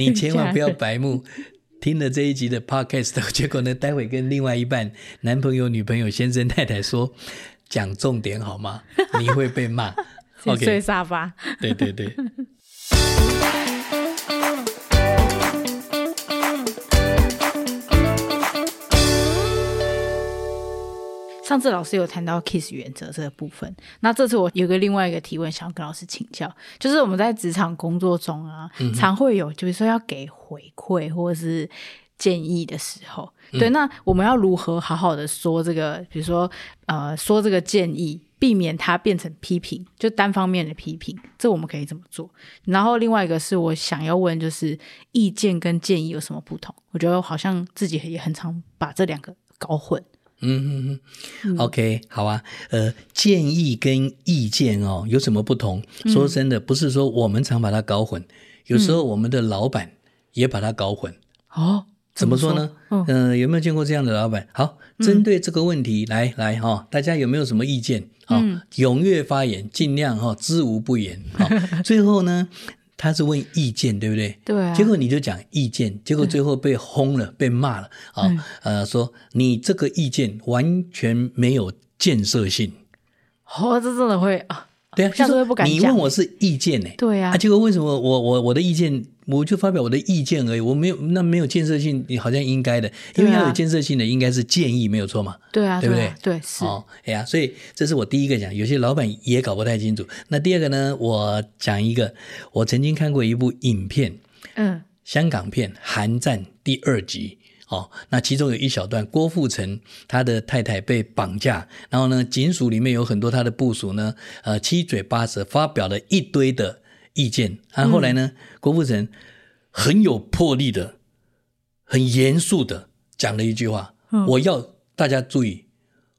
你千萬不要白目， 聽了這一集的 podcast，結果呢，待會跟另外一半男朋友、女朋友、先生、太太說，講重點好嗎？你會被罵。 OK，睡沙發。對對對。 上次老師有談到 KISS 原則這個部分，那這次我有個另外一個提問，想要跟老師請教，就是我們在職場工作中啊，嗯、哼常會有就是說要給回饋或者是建議的時候，嗯、對，那我們要如何好好的說這個，比如說呃說這個建議，避免它變成批評，就單方面的批評，這我們可以怎麼做？然後另外一個是我想要問，就是意見跟建議有什麼不同？我覺得我好像自己也很常把這兩個搞混。嗯 ，OK，好啊。呃，建議跟意見哦有什麼不同？嗯、說真的，不是說我們常把它搞混，嗯、有時候我們的老板也把它搞混。哦，怎麼說呢？嗯、哦呃，有沒有見過這樣的老板？好，針、嗯、對這個問題，來來哈，大家有沒有什麼意見？啊、嗯，踴躍發言，儘量哈，知無不言。最後呢？ 他是問意見，對不對？對、啊。結果你就講意見，結果最後被轟了，嗯、被罵了啊、哦！呃，說你這個意見完全沒有建設性。哦，這真的會啊！對啊，下次會不敢講。你問我是意見呢、欸？對呀、啊。啊，結果為什麼我我我的意見？我就發表我的意見而已，我沒有那沒有建設性，好像應該的，啊、因為要有建設性的應該是建議，沒有錯嘛？對啊，對不對？對，是。哎呀，所以這是我第一個講，有些老闆也搞不太清楚。那第二個呢？我講一個，我曾經看過一部影片，嗯，香港片《寒戰》第二集，哦、oh,，那其中有一小段，郭富城他的太太被綁架，然後呢，警署裡面有很多他的部屬呢，呃，七嘴八舌發表了一堆的。意見，然、啊、後來呢？郭、嗯、富城很有魄力的，很嚴肅的講了一句話：“嗯、我要大家注意，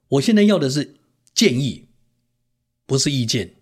我現在要的是建議，不是意見。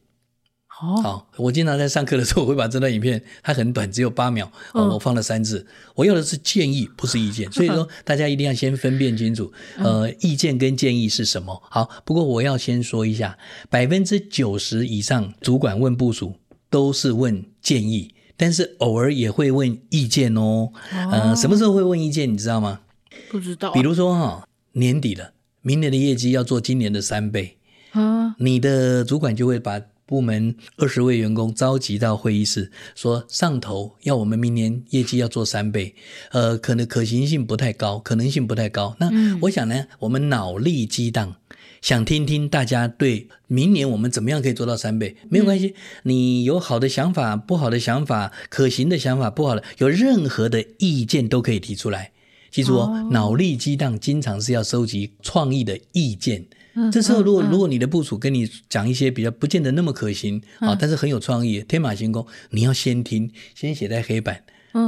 哦”好，我經常在上課的時候我會把這段影片，它很短，只有八秒，哦哦、我放了三次。我要的是建議，不是意見，所以說大家一定要先分辨清楚， 呃，意見跟建議是什麼。好，不過我要先說一下，百分之九十以上主管問部屬。都是問建議，但是偶爾也會問意見哦。哦呃，什麼時候會問意見？你知道嗎？不知道、啊。比如說哈、哦，年底了，明年的業績要做今年的三倍啊，哦、你的主管就會把部門二十位員工召集到會議室，說，上頭要我們明年業績要做三倍，呃，可能可行性不太高，可能性不太高。那我想呢，嗯、我們腦力激盪。想聽聽大家對明年我們怎麼樣可以做到三倍？沒有關係，你有好的想法、不好的想法、可行的想法、不好的，有任何的意見都可以提出來。記住哦，哦腦力激盪經常是要收集創意的意見。嗯、這時候，如果、嗯、如果你的部屬跟你講一些比較不見得那麼可行啊，嗯、但是很有創意、嗯、天馬行空，你要先聽，先寫在黑板。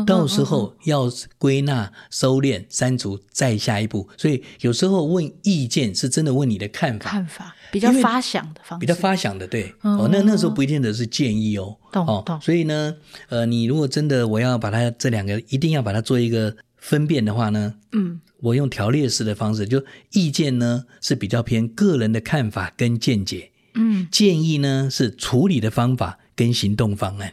到時候要歸納、收斂、刪除，再下一步。所以有時候問意見，是真的問你的看法，看法比較發想的方式，比較發想的，對哦。那那時候不一定的是建議哦，哦，懂。所以呢，呃，你如果真的我要把它這兩個，一定要把它做一個分辨的話呢，嗯，我用條列式的方式，就意見呢是比較偏個人的看法跟見解，嗯，建議呢是處理的方法跟行動方案。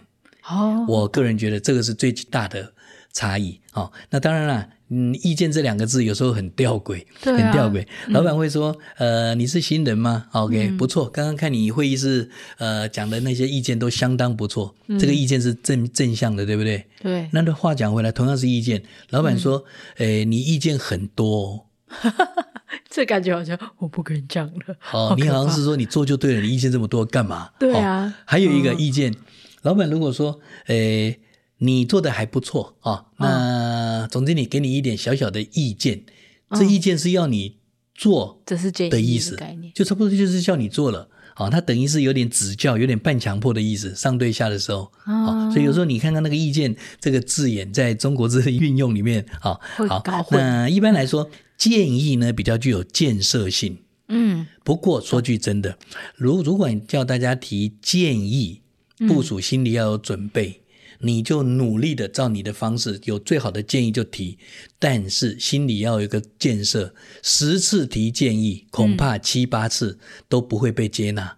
哦，oh, 我個人覺得這個是最大的差異。哦。那當然了，啊，嗯，意見這兩個字有時候很吊詭，啊，很吊詭。嗯、老闆會說：“呃，你是新人嗎？”OK，嗯、不錯，剛剛看你會議室呃講的那些意見都相當不錯，嗯、這個意見是正正向的，對不對？對。那的話講回來，同樣是意見，老闆說：“誒、嗯欸，你意見很多，哦， 這感覺好像我不跟你講了。好”好，哦，你好像是說你做就對了，你意見這麼多幹嘛？對啊，哦，還有一個意見。嗯老闆如果說，誒，你做的還不錯啊，那總經理給你一點小小的意見，哦、這意見是要你做的意思，這是這的就差不多就是叫你做了啊。他等於是有點指教，有點半強迫的意思，上對下的時候啊。哦、所以有時候你看看那個意見、哦、這個字眼，在中國字的運用裡面啊，會好，會那一般來說、嗯、建議呢比較具有建設性，嗯，不過說句真的，嗯、如果如果叫大家提建議。部署心裡要有準備，嗯、你就努力的照你的方式，有最好的建議就提，但是心裡要有一個建設。十次提建議，恐怕七八次都不會被接納。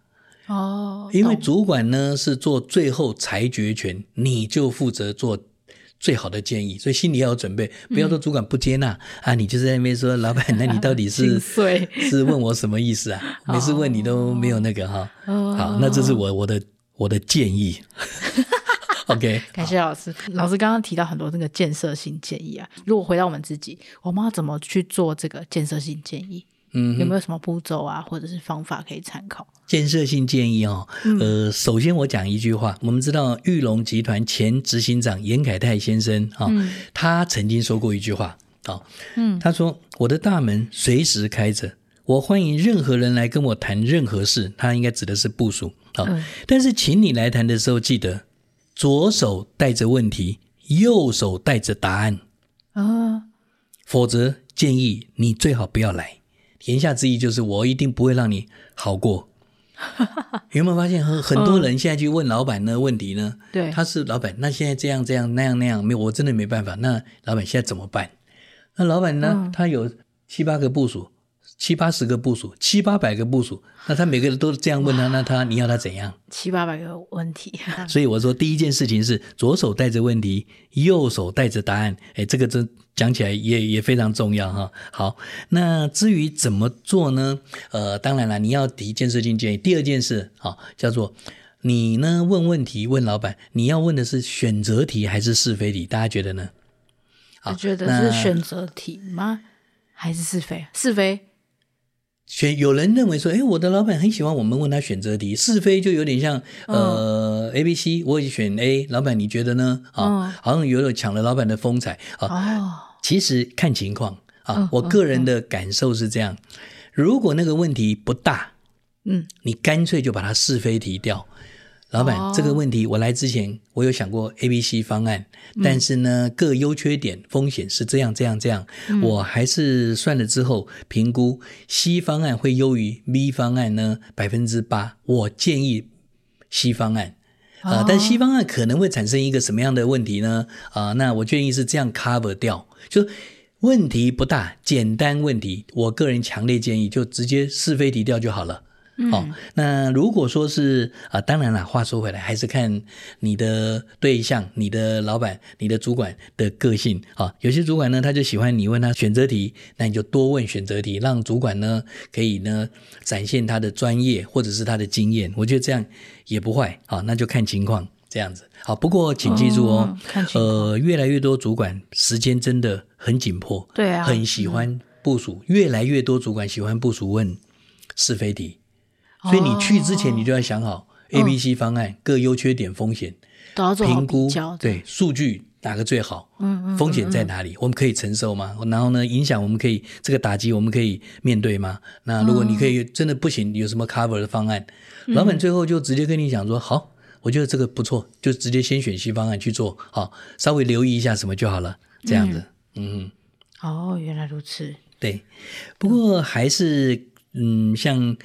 哦、嗯，因為主管呢是做最後裁決權，你就負責做最好的建議，所以心裡要有準備，不要說主管不接納、嗯、啊，你就在那邊說、嗯、老闆，那你到底是 碎是問我什麼意思啊？ 好每次問你都沒有那個哈。好，哦、那這是我我的。我的建議 ，OK，感謝老師。好老師剛剛提到很多那個建設性建議啊，如果回到我們自己，我們要怎麼去做這個建設性建議？嗯哼，有沒有什麼步驟啊，或者是方法可以參考？建設性建議哦，嗯、呃，首先我講一句話。我們知道裕隆集團前執行長嚴凱泰先生啊，哦嗯、他曾經說過一句話啊，哦、嗯，他說：“我的大門隨時開着。”我歡迎任何人來跟我談任何事，他應該指的是部屬好，嗯、但是請你來談的時候，記得左手帶着問題，右手帶着答案啊，哦、否則建議你最好不要來。言下之意就是我一定不會讓你好過。 有沒有發現很很多人現在去問老板的問題呢？嗯、對，他是老板，那現在這樣這樣那樣那樣沒有，我真的沒辦法。那老板現在怎麼辦？那老板呢？嗯、他有七八個部屬。七八十個部署，七八百個部署，那他每個人都這樣問他，哇那他你要他怎樣？七八百個問題，所以我說第一件事情是 左手帶着問題，右手帶着答案。誒，這個真講起來也也非常重要哈。好，那至於怎麼做呢？呃，當然了，你要提建設性建議。第二件事好、哦、叫做你呢問問題問老板，你要問的是選擇題還是是非題？大家覺得呢？我覺得是選擇題嗎？那還是是非？是非？選有人認為說，欸、我的老闆很喜歡我們問他選擇題是非，就有點像呃 A B C，我選 A，老闆你覺得呢？好像有點搶了老闆的風采啊。其實看情況啊，我個人的感受是這樣：如果那個問題不大，嗯，你乾脆就把它是非題掉。老板，這個問題，我來之前我有想過 A、B、C 方案，嗯、但是呢，各優缺點風險是這樣這樣這樣，嗯、我還是算了之後評估 C 方案會優於 B 方案呢百分之八，我建議 C 方案啊、呃，但 C 方案可能會產生一個什麼樣的問題呢？啊、哦呃，那我建議是這樣 cover 掉，就問題不大，簡單問題，我個人強烈建議就直接是非題掉就好了。哦，那如果說是啊、呃，當然了，話說回來，還是看你的對象、你的老闆、你的主管的個性啊、哦。有些主管呢，他就喜歡你問他選擇題，那你就多問選擇題，讓主管呢可以呢展現他的專業或者是他的經驗。我覺得這樣也不壞啊、哦。那就看情況這樣子。好，不過請記住哦，哦呃，越來越多主管時間真的很緊迫，對啊，很喜歡部屬。嗯、越來越多主管喜歡部屬問是非題。所以你去之前，你就要想好 A、B、C 方案各優缺點、風險、評估，對數據哪個最好？嗯嗯，風險在哪裡？我們可以承受嗎？然後呢，影響我們可以這個打擊我們可以面對嗎？那如果你可以真的不行，有什麼 cover 的方案？老闆最後就直接跟你講說：“好，我覺得這個不錯，就直接先選 C 方案去做，好，稍微留意一下什麼就好了。”這樣子，嗯，哦，原來如此。對，不過還是嗯，像。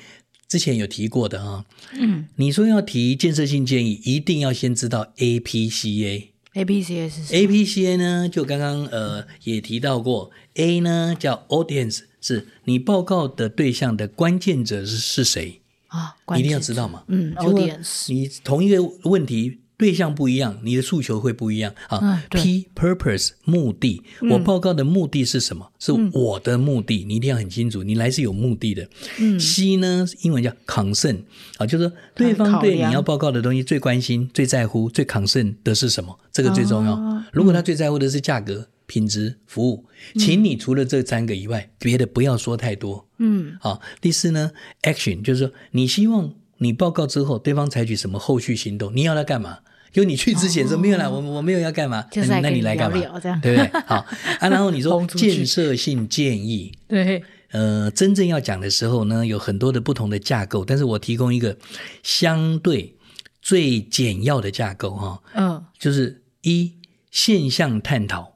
之前有提過的哦，嗯，你說要提建設性建議，一定要先知道 A P C A。A P C A 是誰？A P C A 呢？就剛剛呃也提到過，嗯，A 呢叫 Audience，是你報告的對象的關鍵者是是誰啊？一定要知道嘛？嗯，如果，Audience，你同一個問題。對象不一樣，你的訴求會不一樣啊。P purpose 目的，我報告的目的是什麼？嗯、是我的目的，你一定要很清楚，你來是有目的的。嗯、C 呢，英文叫 concern，啊，就是說對方對你要報告的東西最關心、最在乎、最 concern 的是什麼？這個最重要。啊、如果他最在乎的是價格、嗯、品質、服務，請你除了這三個以外，別的不要說太多。嗯，啊，第四呢，Action 就是說你希望。你報告之後，對方採取什麼後續行動？你要他幹嘛？因為你去之前說沒有了，我、哦、我沒有要幹嘛，就是來跟你聊聊嗯、那你來幹嘛？這樣 對不對？好，啊、然後你說建設性建議。對，呃，真正要講的時候呢，有很多的不同的架構，但是我提供一個相對最簡要的架構哈、哦，嗯、哦，就是一現象探討，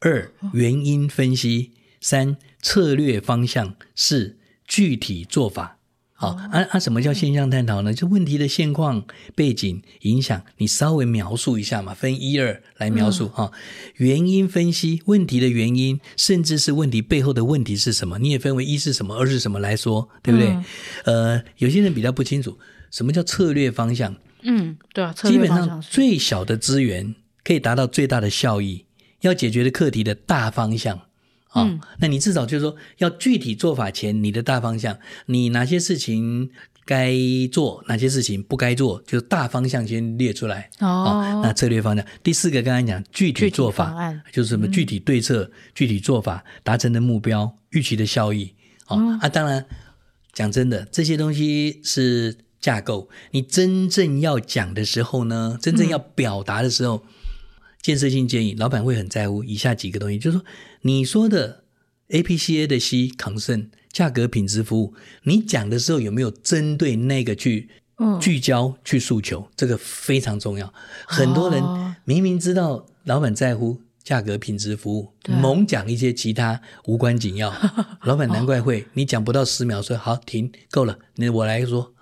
二原因分析，哦、三策略方向，四具體做法。好、哦，啊啊，什麼叫現象探討呢？嗯、就問題的現況、背景、影響，你稍微描述一下嘛，分一二來描述哈、嗯哦。原因分析，問題的原因，甚至是問題背後的問題是什麼，你也分為一是什麼，二是什麼來說，對不對？嗯、呃，有些人比較不清楚什麼叫策略方向。嗯，對啊，策略方向。基本上最小的資源可以達到最大的效益，要解決的課題的大方向。嗯、哦，那你至少就是說，要具體做法前，你的大方向，你哪些事情該做，哪些事情不該做，就大方向先列出來。哦，那策略方向。第四個剛剛，剛才講具體做法，法就是什麼具體對策、嗯、具體做法，達成的目標、預期的效益。哦，啊，當然，講真的，這些東西是架構。你真正要講的時候呢，真正要表達的時候。嗯建設性建議，老闆會很在乎以下幾個東西，就是說，你說的 A P C A 的 C Concern、價格、品質、服務，你講的時候有沒有針對那個去聚焦、去訴求？嗯、這個非常重要。很多人明明知道老闆在乎價格、品質、服務，猛講、哦、一些其他無關緊要，對老闆難怪會 你講不到十秒，說好停，夠了，那我來說。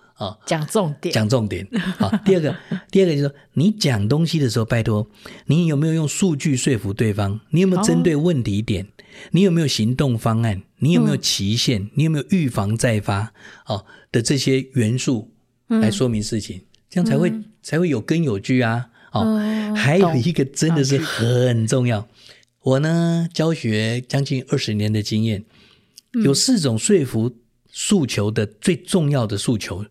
講重點，講重點。好，第二個，第二個就是說，你講東西的時候，拜托，你有沒有用數據說服對方？你有沒有針對問題點？哦、你有沒有行動方案？你有沒有期限？嗯、你有沒有預防再發？哦，的這些元素來說明事情，嗯、這樣才會、嗯、才會有根有據啊。哦，嗯、還有一個真的是很重要。懂我呢，教學將近二十年的經驗，嗯、有四種說服訴求的最重要的訴求。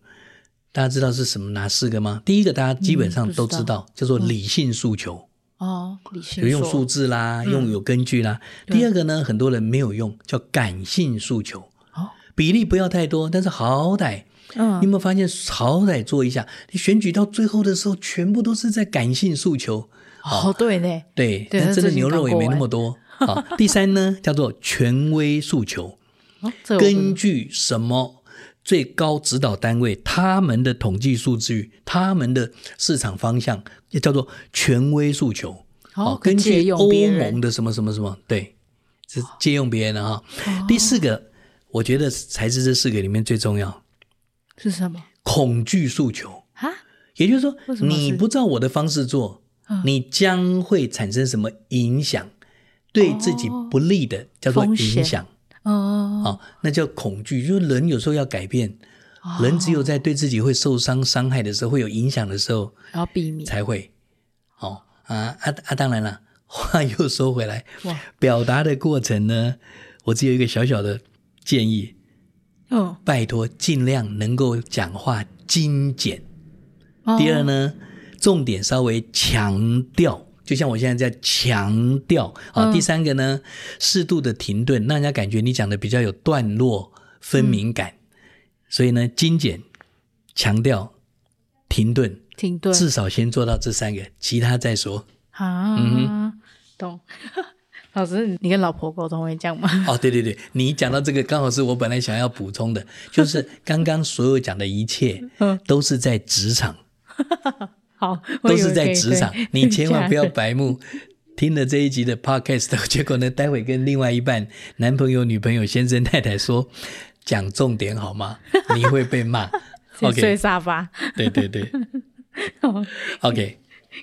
大家知道是什麼哪四個嗎？第一個大家基本上都知道，叫做理性訴求哦，理性，就用數字啦，用有根據啦。第二個呢，很多人沒有用，叫感性訴求。哦，比例不要太多，但是好歹，嗯，你有沒有發現好歹做一下？你選舉到最後的時候，全部都是在感性訴求。哦，對嘞，對，但真的牛肉也沒那麼多。好，第三呢，叫做權威訴求，根據什麼？最高指導單位，他們的統計數據，他們的市場方向，也叫做權威訴求。好、哦，根據歐盟，歐盟的什麼什麼什麼，對，是借用別人的、啊、哈。哦、第四個，我覺得才是這四個裡面最重要。是什麼？恐懼訴求啊？哈也就是說，是你不照我的方式做，哦、你將會產生什麼影響，對自己不利的，哦、叫做影響。哦、oh.，那叫恐懼。就是人有時候要改變，oh. 人只有在對自己會受傷、傷害的時候，會有影響的時候，然後避免才會。哦、oh,，啊啊當然了，話又說回來，Wow. 表達的過程呢，我只有一個小小的建議。哦，oh. 拜托，儘量能夠講話精簡。Oh. 第二呢，重點稍微強調。就像我現在在強調好、哦、第三個呢，嗯、適度的停頓，讓人家感覺你講的比較有段落分明感。嗯、所以呢，精簡、強調、停頓，停頓至少先做到這三個，其他再說。啊，嗯、哼懂。老師，你跟老婆溝通會這樣嗎？哦，對對對，你講到這個，剛好是我本來想要補充的， 就是剛剛所有講的一切，都是在職場。嗯 好，都是在職場，你千萬不要白目。聽了這一集的 podcast，結果呢，待會跟另外一半男朋友、女朋友、先生、太太說，講重點好嗎？你會被罵。 OK，睡沙發。 對對對。OK，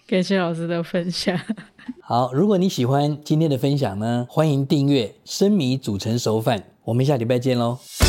感謝老師的分享。好，如果你喜歡今天的分享呢，歡迎訂閱。生米煮成熟飯，我們下禮拜見嘍。